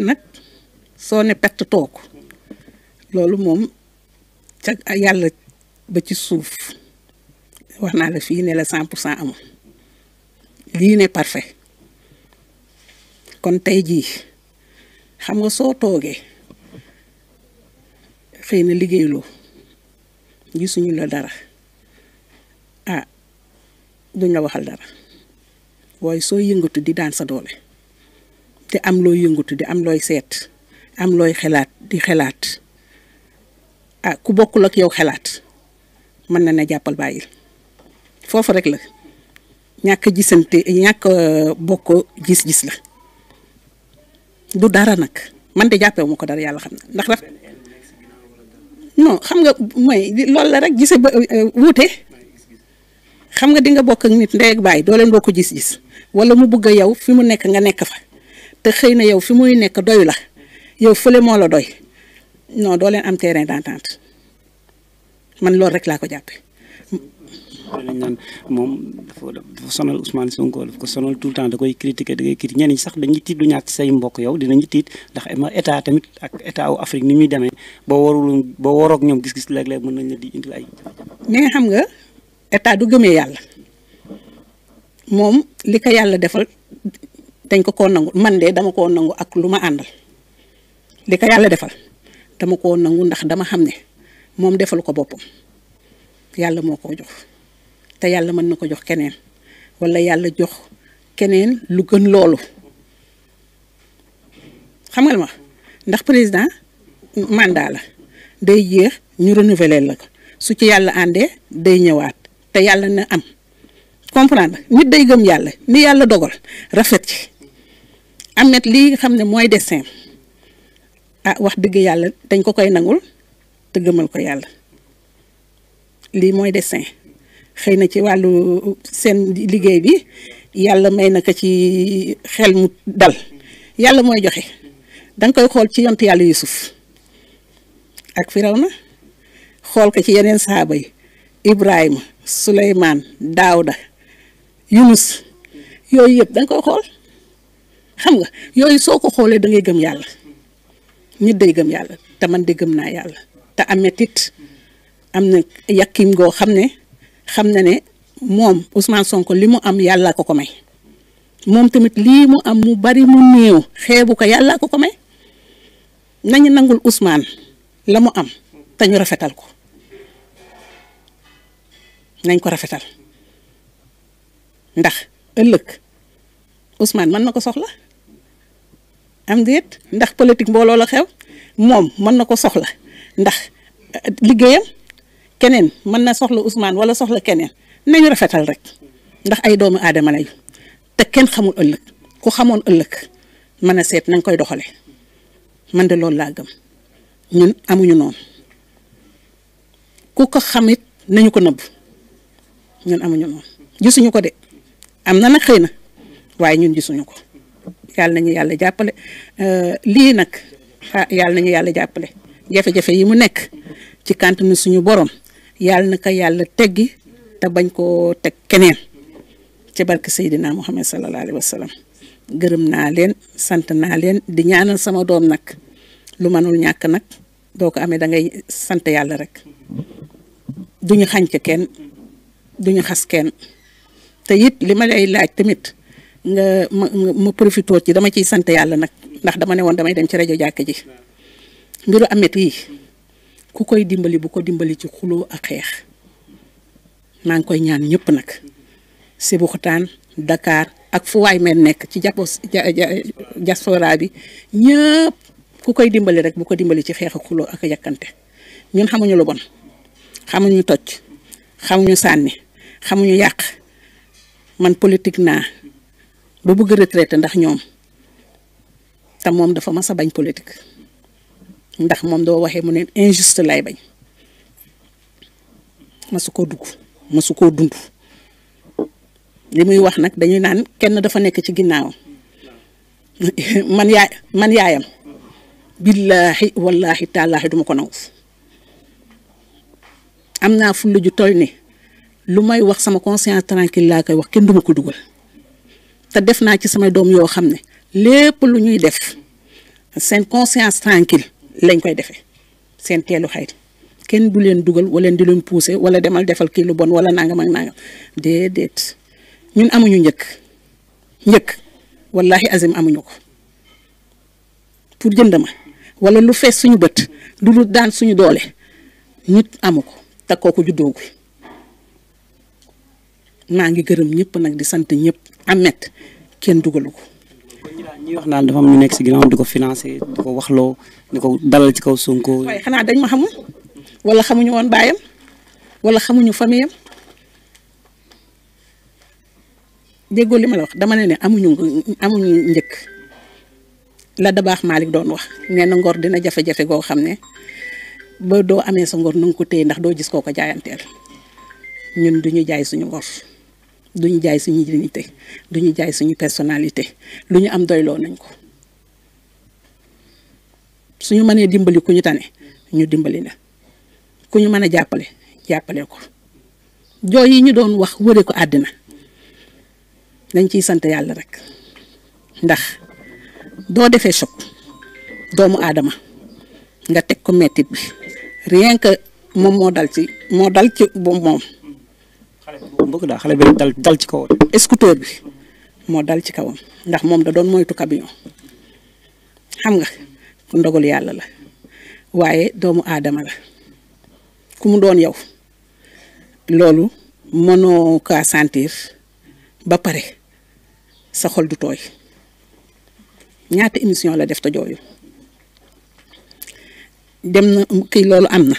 nag soo ne pett toog loolu moom ca yàlla ba ci suuf wax naa la fii ne la cent pour cent amul lii ne parfait kon tey jii xam nga soo toogee xëy na liggéeyloo gisuñu la dara ah duñ la waxal dara waaye soo yëngatu di daan sa doole te am looy yëngatu di am looy seet am looy xelaat di xelaat ah ku bokkul ak yow xelaat mën na ne jàppal bàyyil foofu rek la ñàkk gisante ñàkk euh, bokk gis-gis la du dara nag man de jàppee mu ko dara yàlla xam na ndax daf non xam nga mooy loolu la rek gise ba euh, euh, wuute xam nga di nga bokk ak nit ndey ak baay doo leen bokk gis-gis wala mu bëgg a yow fi mu nekk nga nekk fa te xëy na yow fi muy nekk doyu la yow fële moo la doy non doo leen am terrain d'entente man loolu rek laa ko jàppee. lañ naan moom dafa sonal Ousmane Sonko daf ko sonal tout le temps da koy critiquer da koy critiquer ñenn ñi sax dañuy tiit du ñàkk say mbokk yow dinañu tiit ndax état tamit ak état wu Afrique ni muy demee boo warul boo waroog ñoom gis-gis léeg mën nañ la di indil ay. mais xam nga état du gëmee yàlla moom li ko yàlla defal dañ ko ko nangu man de dama koo nangu ak lu ma àndal li ko yàlla defal dama ko nangu ndax dama xam ne moom defal ko boppam yàlla moo ko jox te yàlla mën na ko jox keneen wala yàlla jox keneen lu gën loolu xamal ma ndax président mandat la day yéex ñu renouveler la ko su ci yàlla àndee day ñëwaat te yàlla na am comprendre nit day gëm yàlla ni yàlla dogal rafet ci Ameth lii xam ne mooy dessin ah wax dëgg yàlla dañ ko koy nangul te ko yàlla lii mooy dessin xëy na ci wàllu seen liggéey bi yàlla may na ko ci xel mu dal yàlla mooy joxe danga koy xool ci yont yàlla yusuf ak na xool ko ci yeneen saaba yi ibrahima suleymaan daawda yunus yooyu yëpp danga koy xool xam nga yooyu soo ko xoolee da ngay gëm yàlla nit day gëm yàlla te man de gëm naa yàlla te amet it am na yàqim goo xam ne xam na ne moom usmaan Sonko li mu am yàlla ko ko may moom tamit lii mu am mu bari mu néew xeebu ko yàlla ko ko may nañu nangul usmaan la mu am te ñu rafetal ko nañ ko rafetal ndax ëllëg usmaan mën na ko soxla am déet ndax politique mbooloo la xew moom mën na ko soxla ndax euh, liggéeyam keneen mën na soxla Ousmane wala soxla keneen nañu rafetal rek ndax ay doomu aadama lañu te kenn xamul ëllëg ku xamoon ëllëg mën a seet nañ koy doxale mën de loolu laa gëm ñun amuñu noonu ku ko xamit nañu ko nëbb ñun amuñu noonu gisuñu ko de am na nag xëy na waaye ñun gisuñu ko yàlla nañu yàlla jàppale euh, lii nag yàlla nañu yàlla jàppale jafe-jafe yi mu nekk ci kàntanu suñu borom yàlla na ko yàlla teggi te bañ koo teg keneen ci barke Seydina Muhammad sallallahu alayhi wa sallam gërëm naa leen sant naa leen di ñaanal sama doom nag lu manul ñàkk nag doo ko amee dangay sant yàlla rek duñu xànc kenn duñu xas kenn te it li ma lay laaj tamit. nga ma ma profité ci dama ciy sant yàlla nag ndax dama ne woon damay dem ci rajo jàkk ji mbiru amet yi ku koy dimbali bu ko dimbali ci xuloo ak xeex maa ngi koy ñaan ñëpp nag Sébikotane Dakar ak fu waay nekk ci jàppo diaspora bi ñëpp koy dimbali rek bu ko dimbali ci xeex ak xuloo ak yàkkante ñun xamuñu lu bon xamuñu toj xamuñu sànni xamuñu yàq man politique naa ba bëgg retraité ndax ñoom te moom dafa mas a bañ politique ndax moom doo waxee mu ne injuste lay bañ masu koo dugg masu koo dund li muy wax nag dañuy naan kenn dafa nekk ci ginnaawam man yaay man yaayam billaahi wallaahi taalaahi duma ko nangu am naa fulla ju toll ni lu may wax sama conscience tranquille laa koy wax kenn duma ko dugal te def naa ci samay doom yoo xam ne lépp lu ñuy def seen conscience tranquille lañ koy defee seen teelu xay kenn du leen dugal wala di leen pousser wala demal defal kii lu bon wala nangam ak nangam déedéet ñun amuñu njëkk njëkk wallahi azim amuñu ko pour jënd ma wala lu fees suñu bët lu daan suñu doole nit amu ko te kooku juddoogu naa ngi gërëm ñëpp nag di sant ñëpp amet kenn dugalu ko. ñi wax naan dafa ñu nekk si ginnaaw di ko financé di ko waxloo di ko dalal ci kaw Sonko. waaye xanaa dañ ma xamul wala xamuñu woon baayam wala xamuñu famiyam déggoo li ma wax dama ne ne amuñu amuñu njëkk la dabaax Malick doon wax nee na ngor dina jafe-jafe goo xam ne ba doo amee sa ngor na ko téye ndax doo gis koo ko jaayanteel ñun duñu jaay suñu ngor. duñu jaay suñu du duñu jaay suñu personnalité lu ñu am doyloo nañ ko suñu mënee dimbali ku ñu tane ñu dimbali na ku ñu mën a jàppale jàppale ko jooy yi ñu doon wax wëre ko àddina dañ ciy sant yàlla rek ndax doo defee choc doomu aadama nga teg ko mettit bi rien que moom moo dal ci moo dal ci moom beaucoup daal xale bi rek dal dal ci kawam. scooter bi moo dal ci kawam ndax moom da doon moytu camion xam nga ku ndogal yàlla la waaye doomu aadama la ku mu doon yow loolu mënoo kaa ba pare sa xol du tooy ñaata émission la def te jooyu dem na kii loolu am na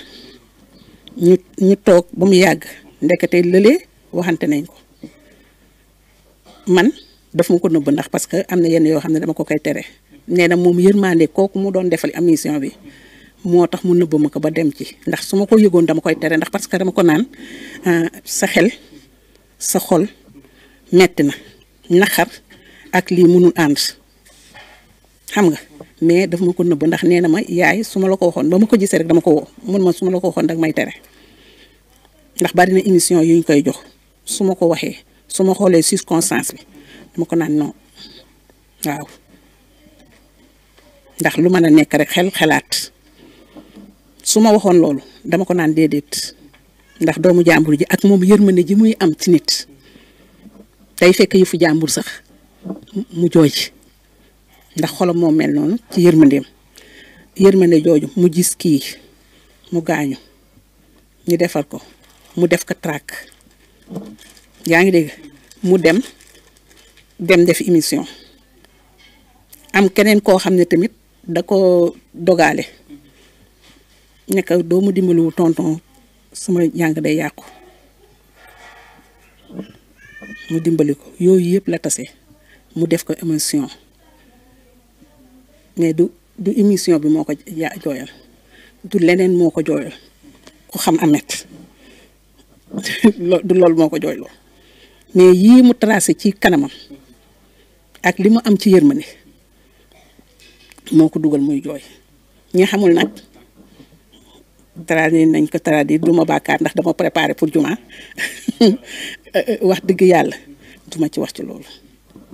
ñu ñu toog ba mu yàgg ndekete lële. waxante nañ ko man dafa ma ko nëbba ndax parce que am na yenn yoo xam ne dama ko koy tere nee na moom yërmande kooku mu doon defal émission bi moo tax mu nëbb ma ko ba dem ci ndax su ma ko yëgoon dama koy tere ndax parce que dama ko naan ah, sa sa xol metti na naxar ak lii mënul ànd xam nga mais daf ma ko nëbb ndax nee na ma yaay su ma la ko waxoon ba ma ko gisee rek dama ko woo mun ma su ma la ko waxoon dag may tere ndax bari na émission yuñ koy jox su ma ko waxee su ma xoolee circonstance bi dama ko naan non waaw ndax lu mën a nekk rek xel xalaat su ma waxoon loolu dama ko naan déedéet ndax doomu jàmbur ji ak moom yërmande ji muy am ci nit tey fekk yëfu jàmbur sax mu jooj ndax xolam moo mel noonu ci yërmandeem yërmande jooju mu gis kii mu gaañu ñu defar ko mu def ko traque yaa ngi dégg mu dem dem def émission am keneen koo xam ne tamit da ko dogale nekk doo mu dimbaliwu tonton sama jàng day yàqu mu dimbali ko yooyu yëpp la tase mu def ko émission mais du du émission bi moo ko ja jooyal du leneen moo ko jooyal ku xam amet du loolu moo ko jooyloo mais yii mu tracé ci kanamam ak li mu am ci ma yërmande moo ko dugal muy jooy ñi xamul nag traduire nañ ko traduire du ma bàkkaar ndax dama préparer pour juma euh, euh, wax dëgg yàlla duma ci wax ci loolu.